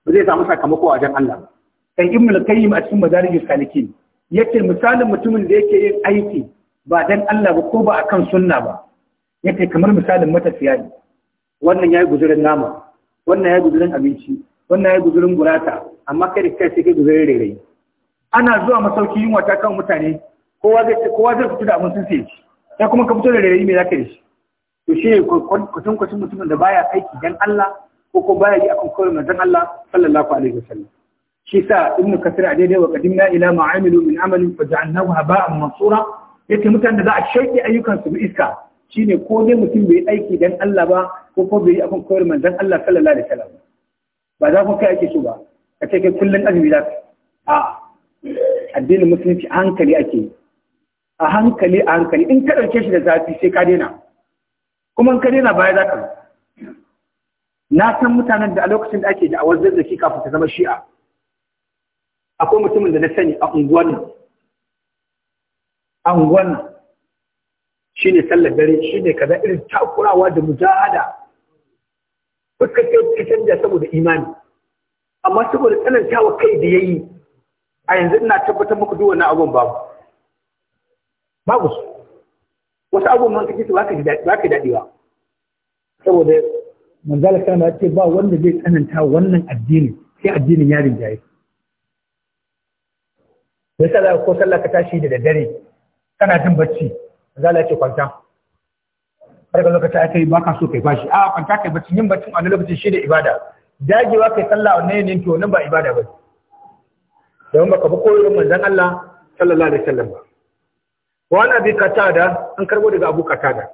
ba zai samu sakamako a wajen Allah kai ibn al-qayyim a cikin madarijus salikin yace misalin mutumin da yake yin aiki ba dan Allah ba ko ba akan sunna ba yace kamar misalin matafiya ne wannan yayi guzurin nama wannan yayi guzurin abinci wannan yayi guzurin gurata amma kai da kai sai kai guzurin rere ana zuwa masauki yin wata kan mutane kowa zai kowa zai fito da sun sai ci sai kuma ka fito da rere me zaka yi shi to shi ne kwatan mutumin da baya aiki dan Allah ko ko baya yi akan kawai manzon Allah sallallahu alaihi wasallam shi sa ibn kasir a daidai wa qadimna ila ma amilu min amalin fa ja'alnahu haba'an mansura yace mutanen da za a shaƙi ayyukan su iska shine ko dai mutum bai aiki dan Allah ba ko ko bai abin koyar manzon Allah sallallahu alaihi wasallam ba za ku kai ake so ba ka ce kai kullun azumi za a addinin musulunci a hankali ake yi a hankali a hankali in ka ɗauke shi da zafi sai ka daina kuma in ka daina baya za ka na san mutanen da a lokacin da ake da awar zazzaki kafin ta zama shi'a akwai mutumin da na sani a unguwan unguwan shi ne sallar dare shi ne kaza irin takurawa da mujahada fuskar kai ta canja saboda imani amma saboda tsanantawa kai da ya yi a yanzu ina tabbatar muku duk wannan abun babu babu su wasu abun man kake su ba ka ba saboda manzala kana ce ba wanda zai tsananta wannan addini sai addinin yarin jayi me yasa za ko sallah ka tashi da daddare kana jin bacci la ce kwanta har ga lokaci aka yi ba ka so kai bashi a kwanta kai bacci yin baccin a lokacin shi da ibada dagewa kai sallah a wannan yanayin to nan ba ibada ba domin baka bi koyon manzon Allah sallallahu alaihi wasallam ba wa ana bi katada an karbo daga abu katada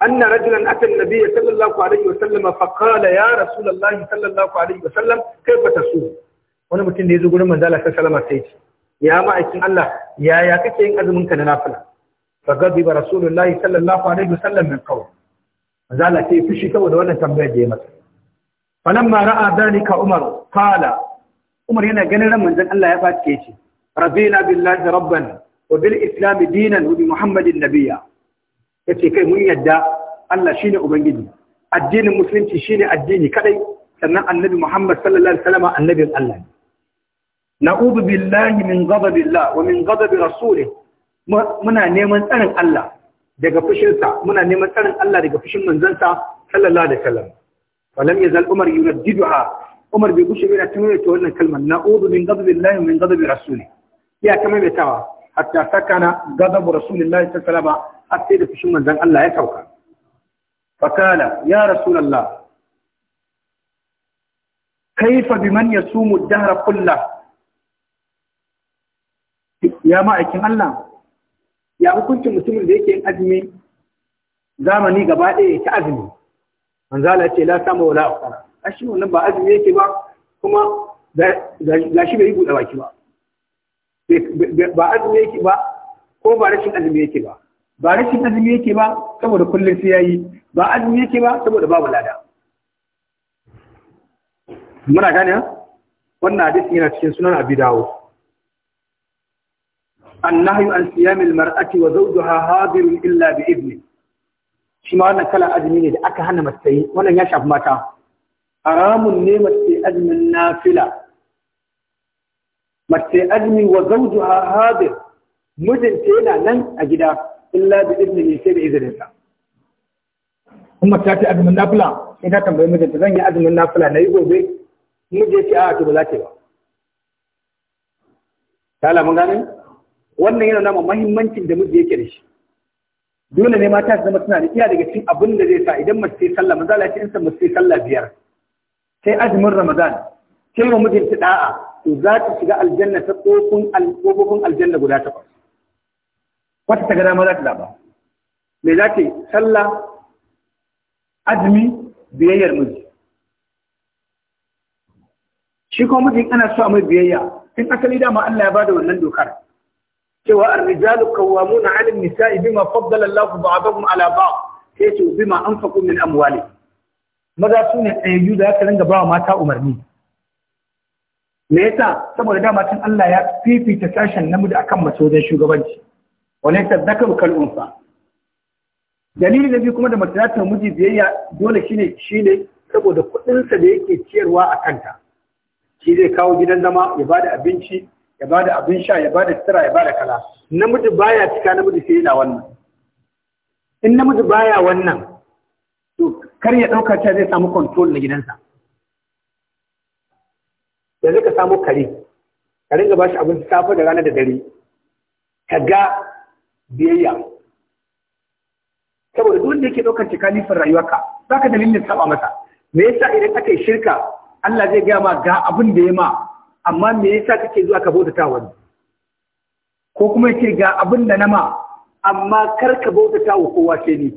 anna rajulan ata an-nabiy sallallahu alaihi wasallam fa qala ya rasulullahi sallallahu alaihi wasallam kaifa tasu wani mutum da ya zo gurin manzala sallallahu alaihi wasallam sai ya ma'aikin Allah yaya kake yin azumin ka na nafila fa gadiba rasulullahi sallallahu alaihi wasallam min qawl zala sai fushi saboda wannan tambayar da ya masa falamma ra'a dalika umar qala umar yana ganin ran manzon Allah ya fatice shi rabina billahi rabban wa bil islam dinan wa bi muhammadin nabiyya yace kai mun yadda Allah shine ubangiji addinin musulunci shine addini kadai sannan annabi muhammad sallallahu alaihi wasallam annabin Allah ne na'udhu billahi min ghadabillah wa min ghadabi rasulih muna neman tsarin Allah daga fushinsa muna neman tsarin Allah daga fushin manzansa sallallahu alaihi wasallam falam yazal umar yunaddiduha umar bai gushe yana tunye ta wannan kalmar na'udhu min ghadabillahi wa min ghadabi rasulih ya kama mai tawa hatta sakana ghadabu rasulillahi sallallahu alaihi wasallam hatta da fushin manzan Allah ya sauka fakala ya rasulullah kaifa biman yasumu ad-dahra kullahu ya ma'aikin Allah ya hukuncin mutumin da yake yin azumi zamani gaba ɗaya ta azumi manzala ce la sama wala aqara ashi wannan ba azumi yake ba kuma ga shi bai buɗe baki ba ba azumi yake ba ko ba rashin azumi yake ba ba rashin azumi yake ba saboda kullum sai yayi ba azumi yake ba saboda babu lada muna gane wannan hadisi yana cikin sunan abi dawo annahyu an siyamil mar'ati wa zawjuha hadirun illa bi idni shi ma wannan kalan azumi ne da aka hana mace wannan ya shafi mata haramun ne mace azumin nafila mace azumi wa zawjuha hadir mijinta yana nan a gida illa bi idni sai da izininsa kuma ta ce azumin nafila sai ta tambayi mijinta zan yi azumin nafila na yi gobe miji ya ce a to ba za ta yi ba ta alamun gane wannan yana nama mahimmancin da muke yake da shi dole ne mata su zama suna da iya daga cikin abin da zai sa idan mace sai sallah maza la in san mace sallah biyar sai azumin ramadan sai wa mijinta da'a to za ta shiga aljanna ta kofin alkofofin aljanna guda takwas wata ta gada ma za ta zaba me za ta yi sallah azumi biyayyar miji shi kuma mijin ana so a mai biyayya tun asali dama Allah ya bada wannan dokar cewa ar-rijalu qawwamuna 'ala an-nisa'i bima faddala Allahu ba'dahum 'ala ba'd sai bima anfaqu min amwali maza sune ne da aka ringa bawa mata umarni me yasa saboda dama tun Allah ya fifita sashen namiji akan mace wajen shugabanci walaysa dhakaru kal unsa dalili na biyu kuma da mace ta miji biyayya dole shine shine saboda kuɗinsa da yake ciyarwa a kanta shi zai kawo gidan zama ya bada abinci ya ba da abin sha ya ba da sitira ya ba da kala namiji baya cika namiji sai yana wannan in namiji baya wannan to kar ya dauka cewa zai samu control na gidansa yanzu ka samu kare ka ringa ba shi abinci safe da rana da dare ka ga biyayya saboda duk wanda yake ɗaukar cika nifin rayuwarka za ka dalilin saba masa me yasa idan aka yi shirka Allah zai gaya ma ga abin da ya ma amma me yasa kake zuwa ka bautata wani ko kuma yake ga abin da ma amma kar ka bauta wa kowa ke ni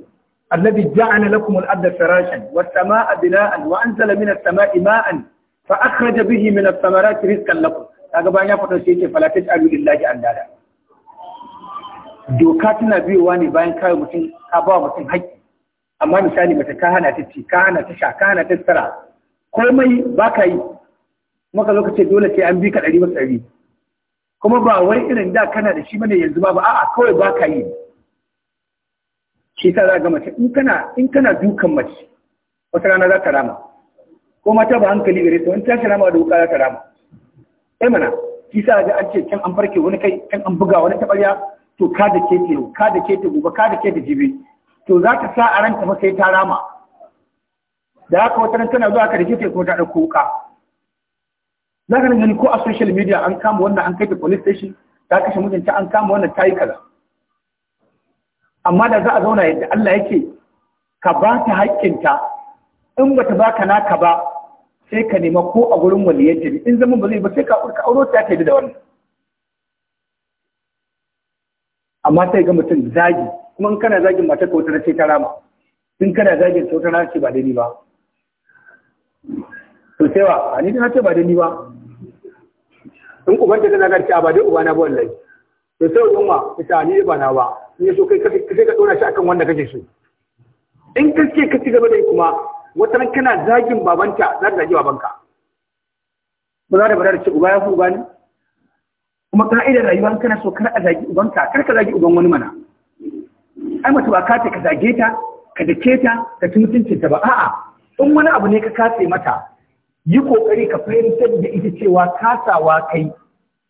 annabi ja'ala lakum al-ardha firashan was samaa bina'an wa anzala minas samaa'i ma'an fa akhraja bihi min ath-thamarati rizqan lakum kaga bayan ya fada shi yake fala taj'alu lillahi andada doka tana biyowa ne bayan kawo mutum ka ba mutum haƙƙi amma misali mace ka hana ta ci ka hana ta sha ka hana ta tsara komai ba ka yi maka lokacin dole sai an bi ka ɗari masu ɗari kuma ba wai irin da kana da shi bane yanzu ba ba a'a kawai ba ka yi shi ta za mace in kana in kana dukan mace wata rana za ta rama ko mata ba hankali gare ta wani tashi rama da wuka za ka rama sai mana shi ta zaga an ce can an farke wani kai can an buga wani taɓarya to ka da ke ta ka da ke ta gobe ka da ke ta jibi to za ta sa a ranta masa ya ta rama da haka wata rana tana zuwa ka da ke ta ko ta ɗauko wuka za ka gani ko a social media an kama wannan an kai ta police station ta kashe mutunta an kama wannan ta yi kaza amma da za a zauna yadda Allah yake ka ba ta haƙƙinta in ba ta baka naka ba sai ka nema ko a gurin waliyyar jini in zama ba zai ba sai ka ka auro ta ta da wannan amma sai ga mutum zagi kuma in kana zagin matar ka wata ce ta rama in kana zagin ta wata ce ba daidai ba to sai wa ni na ce ba daidai ba in ta tana garki a ba dai ubana ba wallahi to sai umma ita ni ba na ba ni so kai kai ka dora shi akan wanda kake so in kace ka ci gaba da kuma wata nan kana zagin babanta za ka zagi babanka ba za da barar ce uba ya fi uba ne kuma idan rayuwa kana so kar a zagi ubanka kar ka zagi uban wani mana ai mace ba ka ce ka zage ta ka dake ta ka ci mutuncin ta ba a'a in wani abu ne ka kace mata yi kokari ka fahimtar da ita cewa kasawa kai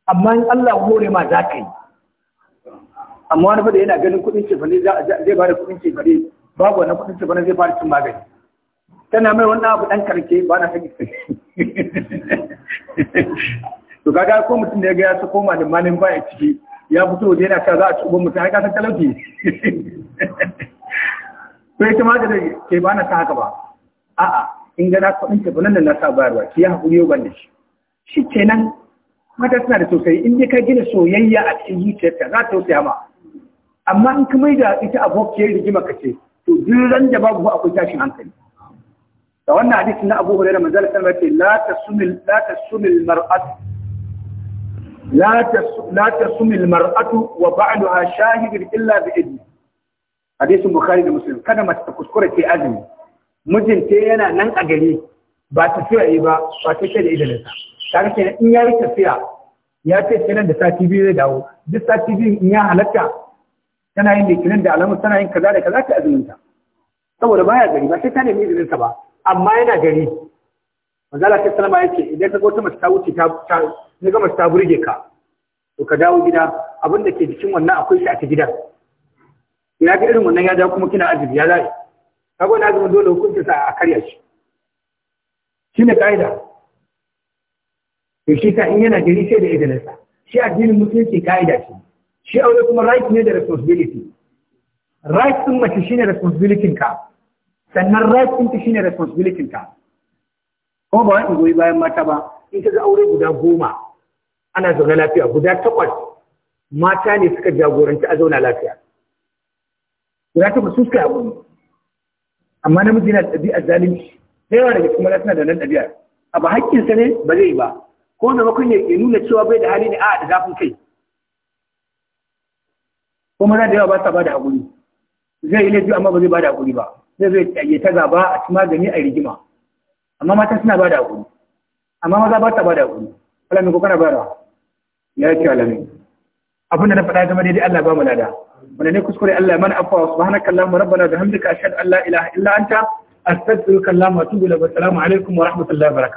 amma in Allah hore ma za ka yi amma wani fada yana ganin kudin cefane zai ba da kudin cefane babu wannan kudin cefane zai ba da cin magani tana mai wannan abu dan karke ba na sani to kaga ko mutum da ya ga ya su koma da malin baya ciki ya fito da yana sa za a ci uban mutum har ka san talauci to ita ma da ke ba na ta haka ba a'a in ga na kuɗin tafi nan da na sa bayarwa ki ya haƙuri yau ban da shi shi nan, mata suna da sosai in dai ka gina soyayya a cikin zuciyarta za ta tausaya ma amma in ka mai da ita abokiyar rigima ka ce to duk ran da babu akwai tashin hankali da wannan hadisi na Abu Hurairah manzo Allah ya ce la tasumil la tasumil mar'at la tas la tasumil mar'atu wa ba'daha shahidun illa bi idni hadisin Bukhari da Muslim kada mace ta kuskure ke azumi mijinta yana nan a gari ba tafiya yi ba ba ta da Da ta kake in ya yi tafiya ya ce nan da sati biyu zai dawo duk sati biyu in ya halatta tana yin litinin da alamu tana yin kaza da kaza ta azuminta saboda baya gari ba sai ta nemi izininsa ba amma yana gari mazala ta salama ya ce idan ka gota mace ta wuce ta ta ga ta burge ka to ka dawo gida abin da ke jikin wannan akwai shi a ta gidan ina ga irin wannan ya ja kuma kina azumi ya zai kaga na zama dole hukunci sa a karya shi ne kaida to shi ka in yana gari sai da idanarsa shi addinin musulunci kaida ce shi aure kuma right ne da responsibility right ɗin mace shine responsibility ka sannan right shi shine responsibility ka kuma ba wani goyi bayan mata ba in ka ga aure guda goma ana zaune lafiya guda takwas mata ne suka jagoranci a zauna lafiya guda takwas su suka yi amma namiji yana da ɗabi'ar zalunci da yawa daga cikin suna da nan ɗabi'ar abu haƙƙinsa ne ba zai yi ba ko da makon ya nuna cewa bai da hali ne a da zafin kai ko maza da yawa ba sa ba da haƙuri zai yi laifi amma ba zai ba da haƙuri ba zai zai ya ta gaba a cikin magani a rigima amma mata suna ba da haƙuri amma maza ba sa ba da haƙuri alamin ko kana ba da ya ce alamin abin da na faɗa game daidai Allah ba mu lada wanda ne kuskure Allah ya mana afwa subhanaka allahumma rabbana bihamdika ashhadu an la ilaha illa anta astaghfiruka wa atubu ilaik wa assalamu alaikum wa rahmatullahi wa barakatuh